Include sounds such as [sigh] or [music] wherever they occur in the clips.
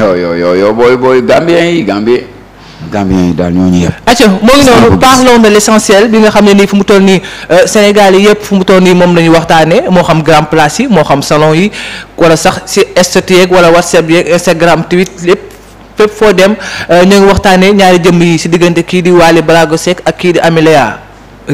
yow yow yow yow booy booy Gambien yi Gambien. Gambien yi daal ñoo ñu yëpp. moo ngi noonu parlons de l' bi nga xam ne nii fu mu toll nii euh, Sénégal yi yëpp fu mu toll nii moom la ñu waxtaanee moo xam grand place yi moo xam salon yi wala sax si statut yeeg wala whatsapp yeeg Instagram tweet lépp. fépp foo dem euh, ñu ngi waxtaanee ñaari jëmm yi ci diggante kii di Wally Ballago Seck ak kii di Amy Léa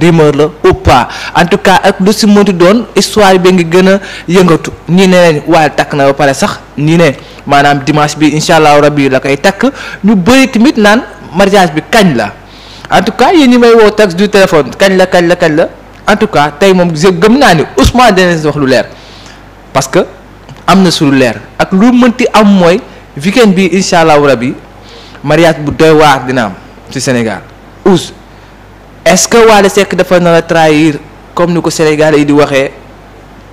rumeur la ou pas en tout cas ak lu si mënti doon histoire bi ngi gën a yëngatu ñi ne nañ waaye takk na ba pare sax ñii ne maanaam dimanche bi incha allahu rabi la koy takk ñu bëri tamit naan mariage bi kañ la en tout cas yéen ni may woo tax du téléphone kañ la kañ la kañ la en tout cas tey moom gëm naa ni Ousmane dana si wax lu leer parce que am na su leer ak lu mënti am mooy weekend bi incha allahu rabi mariage bu doy waar dina am ci Sénégal est-ce que Wally sekk dafa na a trahir comme ni ko sénégal yi di waxee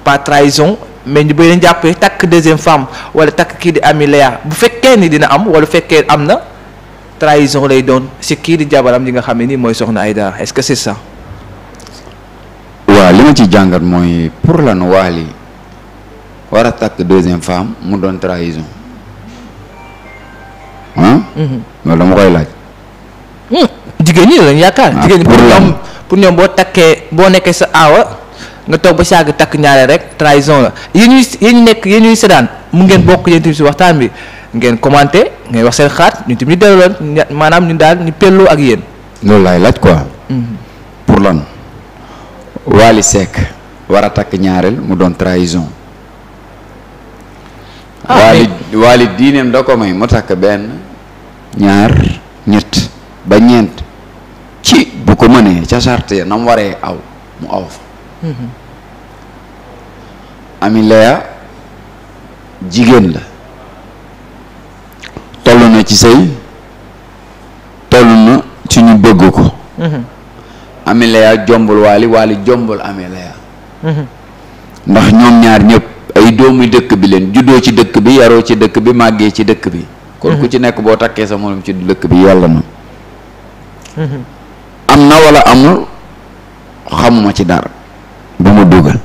par trahison mais ñu bëri jàppee takk deuxième femme wala takk kii di Amy Léa bu fekkee ni dina am wala fekkee am na trahison lay doon si kii di jabaram li nga xam ne nii mooy soxna Aïda est-ce que c'est ça. waa li ma ci jàngat mooy pour lan Wally war a takk deuxième femme mu doon trahison ah. dama koy laaj. Hmm. jigéen ñi lañ yaakaar. Ah, jigéen ñi pour ñoom pour ñoom boo takkee boo nekkee sa aawa nga toog ba saag takk ñaareel rek trahison la yéen ñuy yéen ñu nekk yéen ñuy mu ngeen hmm. bokk yéen tamit si waxtaan bi ngeen commenté ngeen wax seen xaat ñu tamit ñu delloo la maanaam ñu daal ñu pelloo ak yéen. loolu lay laaj quoi. Hmm. pour loon Wally Seck war a takk ñaareel mu doon trahison. ah Wally Wally diineem da ko may mu takk benn ñaar ñett ba ñeent. ne ca charte na mu waree aw mu aw fa mhm. amilaya jigéen la toll na ci sëy toll na ci ñu bëgg ko mhm. amilaya jombul waali waali jombul amilaya mhm. ndax ñoom ñaar ñëpp ay doomu dëkk bi leen juddoo ci dëkk bi yaroo ci dëkk bi màggee ci dëkk bi kon ku ci nekk boo takkee sa morom ci dëkk bi yàlla na am na wala amul xamuma ci dara bu ma dugal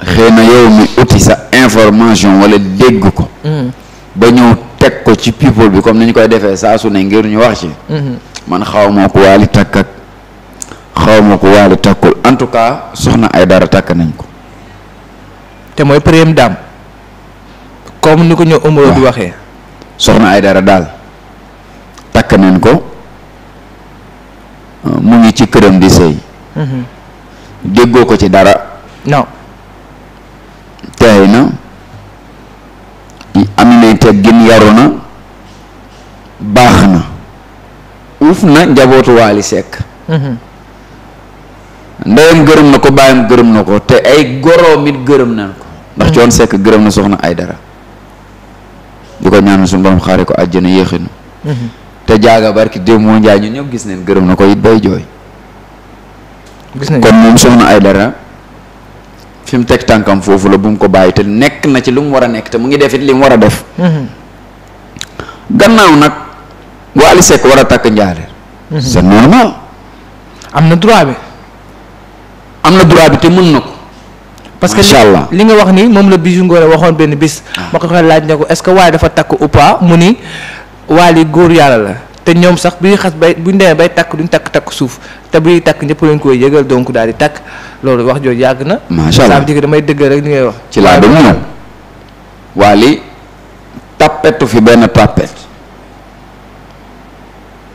xëy na yow mi uti sa information wala dégg ko mm. ba ñëw teg ko ci people bi comme ni ñu koy defee saa su ne ngir ñu wax ci mm-hmm. man xaw ma ko waali takk ak xaw ma ko waali takkul en tout cas soxna ay dara takk nañ ko te mooy première dame comme ni ko ñëw ëmb waxee soxna ay dara daal takk nañ ko mu ngi ci këram di sëy mm-hmm. déggoo ko ci dara non teey na am nay teggin yaru na baax na uuf na njabootuwaali Waali Sekk mm-hmm. ndeyam gërëm na ko baayam gërëm na ko te ay goroom it gërëm nañ ko ndax coon mm-hmm. sekk gërëm na soxna ay dara di ko ñaanal suñu borom xaare ko àjjana yéexinu te jaaga barki démb moo njaay ñun ñëpp gis neen gërëm na ko it bay jooy kon moom soxna ay dara fi mu teg tànkam foofu la bu mu ko bàyyi te nekk na ci lu mu war a nekk te mu ngi def it li mu war a def mhm. gannaaw nag Wally Seck war a takk njaareer mhm. c'est normal am na droit bi am na droit bi te mën na ko parce li nga wax ni moom la Bijou Ngoné waxoon benn bis ah. ma ko xel laaj ne ko est waaye dafa takk ou mu ni waali góor yàlla la te ñoom sax bu ñuy xas bay bu ñu demee bay takk duñ takk takk suuf te bu ñuy takk ñëpp lañ koy yëgal donk daal di tàkk loolu wax jooju yàgg na. macha allah saam damay dëgg rek ngay wax. ci laa doon ñëw waali fi benn tàppet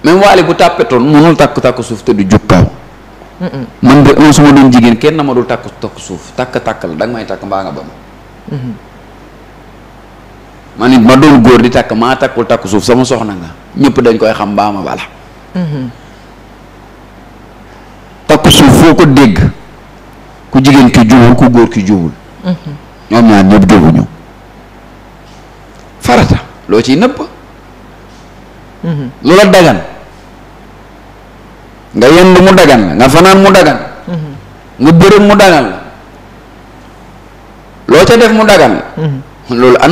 même waali bu tàppetoon mënul takk takk suuf te du jug kaw. man de man su jigéen kenn na takk takk suuf takk takk la danga may takk mbaa nga ba ma. Mm-hmm. ma nit ma doon góor di takk maa takkul takk suuf sama soxna nga ñëpp dañ koy xam baama bala mm-hmm. takk suuf foo ko dégg ku jigéen ki jubul ku góor ki jubul mm-hmm. ñoom ñaar ñëpp jubuñu farata loo ci nëbb mm-hmm. lu la dagan nga mu dagan la nga mu dagan mu dagan la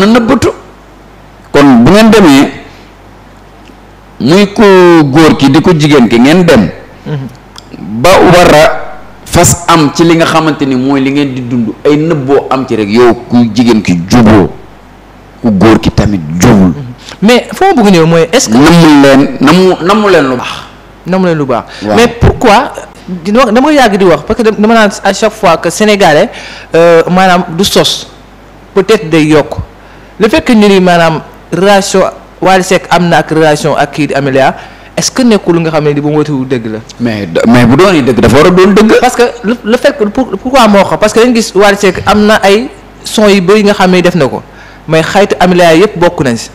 ngeen demee muy ku góor ki di ko jigéen ki ngeen dem mhm. ba war fas am ci li nga xamante ni mooy li ngeen di dund ay nëbboo am ci rek yow ku jigéen ki juboo ku góor ki tamit jubul mhm. mais foo bëgg ñëw mooy est-ce que namu leen namu namu leen lu baax namu leen lu baax mais pourquoi dama yàgg di wax parce que dama naan à chaque fois que sénégalais euh, maanaam du sos peut-être day yokk le fait que ñu maanaam relation Wally Seck am na ak relation ak kii di Amélia est-ce que nekkul nga xam ne di bu wu dëgg la. mais mais bu doon dëgg dafa war a doon dëgg. parce que lu fekk fait que pour pourquoi moo xam parce que dañu gis Wally Seck am na ay son yu bëri nga xam ne def na ko mais xaytu Amélia yëpp bokk nañ si.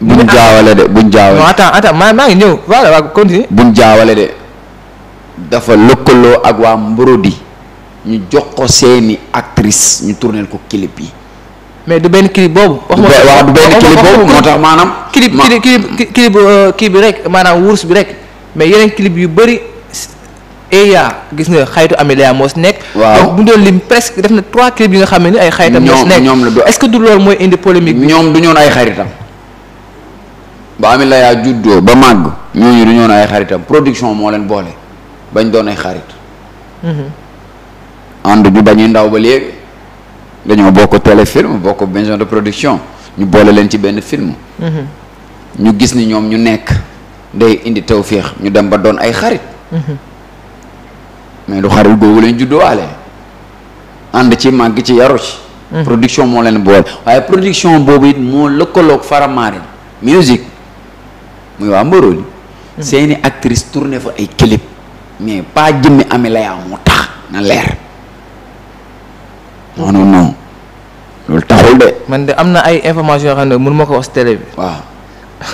buñ ah. jaawale de buñ jaawale. non attends attends maa maa ngi ñëw voilà waaw continue. buñ jaawale de dafa lëkkaloo ak waa Mborodi ñu jox ko seeni actrice ñu tournel ko clip yi. mais du benn clip boobu. wax moo tax maanaam. clip clip clip euh, kii bi rek maanaam wurus bi rek mais yeneen clip yu bëri eya gis nga xaytu Amelia moo si nekk. waaw mu bu ñu doon lim presque def na trois clip yi nga xam ne ay xaytam. ñoo si nekk est-ce que du loolu mooy indi polémique bi. ñoom du ñoon ay xaritam. ba Amelia juddoo ba màgg ñooñu du ñoon ay xaritam production moo leen boole bañ doon ay xarit. Mhm. ànd ju bañuy ndaw ba léegi. dañoo bokk téléfilm bokk maison de production ñu boole leen ci benn film. Mhm. ñu gis ni ñoom ñu nekk day indi tawféex ñu dem ba doon ay xarit. Mhm. mais du xarit googu leen judduwaale ànd ci màgg ci yaru ci. Mhm. production moo leen boole waaye production boobu it moo lëkkaloog faramarin musique muy waa Mboroli. seeni actrice tournée fa ay clip mais paa jëmmi ame layaa moo tax na leer. de. man de am na ay information yoo xam ne mënuma ko wax si bi. waaw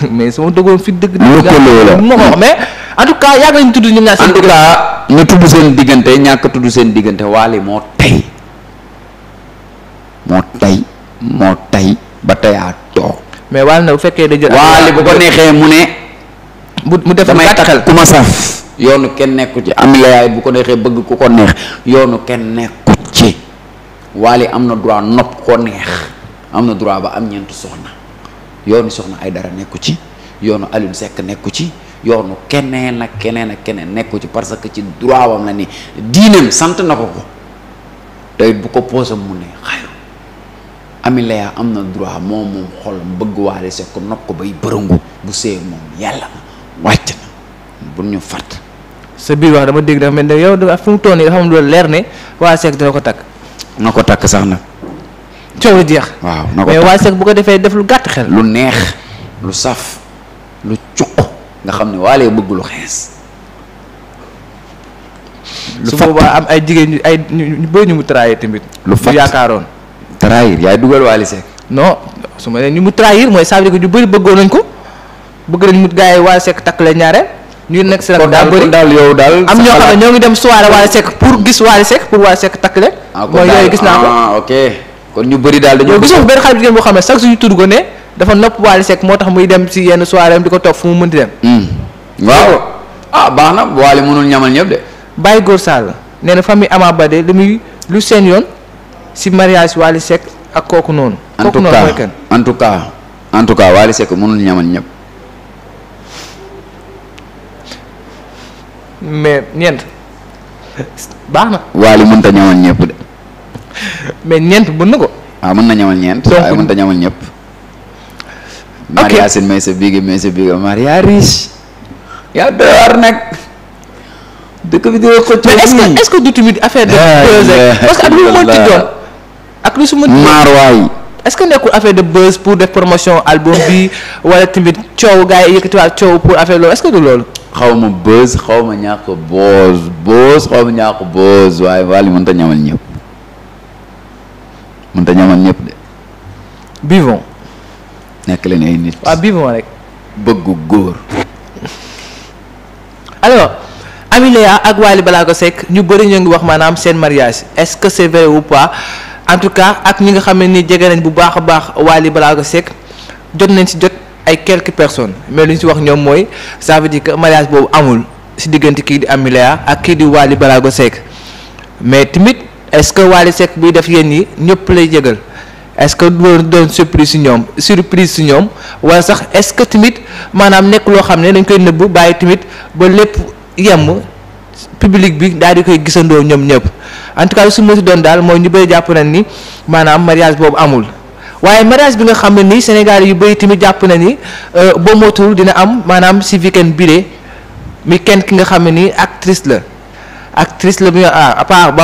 [laughs] mais su ma dëggoon fi dëgg. lëkkaloo la mënuma ko wax mais en yàgg nañu tudd seen. diggante ñàkk tudd seen diggante Wally moo tey moo tey moo tey ba teyaat toog. mais Wally na bu fekkee da ko neexee mu ne. mu def damay taxal ku saf. yoonu kenn nekku ci am yaay bu ko neexee bëgg ku ko neex yoonu kenn nekku ci Wally am na droit nopp ko neex am na droit ba am ñeenti soxna yoonu soxna ay dara nekku ci yoonu Alioune sekk nekku ci yoonu keneen ak keneen ak keneen nekku ci parce que ci droit wam ni diineem sant na ko ko bu ko posé mu ne xayru ami layaa am na droit moom moom xolam bëgg waale Seck nopp ko bay bërëngu bu see moom yàlla na wàcc na bu ñu fàtt sa biir wax dama dégg dafa mel ne yow dafa fu mu toll nii dafa leer ne waa Seck dina ko takk na ko takk sax nag coow lu jeex. waaw na ko mais Waly Seck bu ko defee def lu gàtt xel. lu neex lu saf lu cuq nga xam ne waalee bëgg lu xees. lu fat su boobaa am ay jigéen ñu ay ñu bëri ñu mu trahir tamit. lu fat yaakaaroon. trahir yaay dugal Waly Seck. non su ma nee ñu mu trahir mooy ça veut dire que ñu bëri bëggoon nañ ko bëgg nañ mu gars yi Waly Seck takk la ñaareel. ñu nekk si rek daa bëri daal yow daal. am ñoo xam ne ñoo ngi dem soirée Waly Seck pour gis Waly Seck pour Waly Seck takk leen. Ah, mooy yooyu gis naa ko ah, ok. kon ñu bari daal dañoo. gisoo benn xale bu jigéen boo xam ne chaque jour ñu tudd ko ne dafa nopp Wally Seck moo tax muy dem si yenn soirée am di ko toog fu mu mënti dem. Hmm. waaw ah baax na Wally mënul ñamal ñëpp de. nee na famille Ama Baldé li muy lu seen yoon si mariage Wally Seck ak kooku noonu. kooku noonu mooy en tout cas en tout cas mënul ñamal ñëpp. mais ñeent baax na. Wally mënta ñamal ñëpp de. mais ñeent mën na ko. waaw ah, mën na ñamal ñeent. donc waaye mën na ñamal ñëpp. Maria Sine may sa biigi may sa biigi Maria riche. yaa doy waar dëkk bi di la xëccoo mais que est du tamit affaire de. su ma. maarwaay. ce que nekkul affaire de buzz pour def promotion album bi wala tamit coow gars yi yëkkatiwaat coow pour affaire loolu est du loolu. xaw ma buzz xaw ma ñàkk boos boos xaw ma ñàkk boos waaye Wally mënta ñamal ñëpp. mën ta ñaman ñëpp de bivon nekk leen ay nit waaw bivon rek bëggu góor alors Amiléa ak Wally Ballago Seck ñu bëri ñu ngi wax maanaam seen mariage est-ce que c'est vrai ou pas en tout cas ak ñi nga xam ne ni jege nañ bu baax a baax balaa Ballago Seck jot nañ si jot ay quelques personne mais lu ñu ci wax ñoom mooy ça veut que mariage boobu amul si diggante kii di Amiléa ak kii di balaa ko Seck mais tamit est-ce que Wally Seck buy def yéen yi ñëpp lay jégal est-ce que doon doon surprise si ñoom surprise ñoom wala sax est-ce que tamit maanaam nekk loo xam ne dañ koy nëbb bàyyi tamit ba lépp yem public bi daal di koy gisandoo ñoom ñëpp en tout cas su ma si doon daal mooy ñu bëri jàpp nañ ni maanaam mariage boobu amul waaye mariage bi nga xam ne nii Sénégal yu bëri tamit jàpp na ni euh, boo motul dina am maanaam si weekend bi de mi kenn ki nga xam ne nii actrice la actrice la bi nga ah, à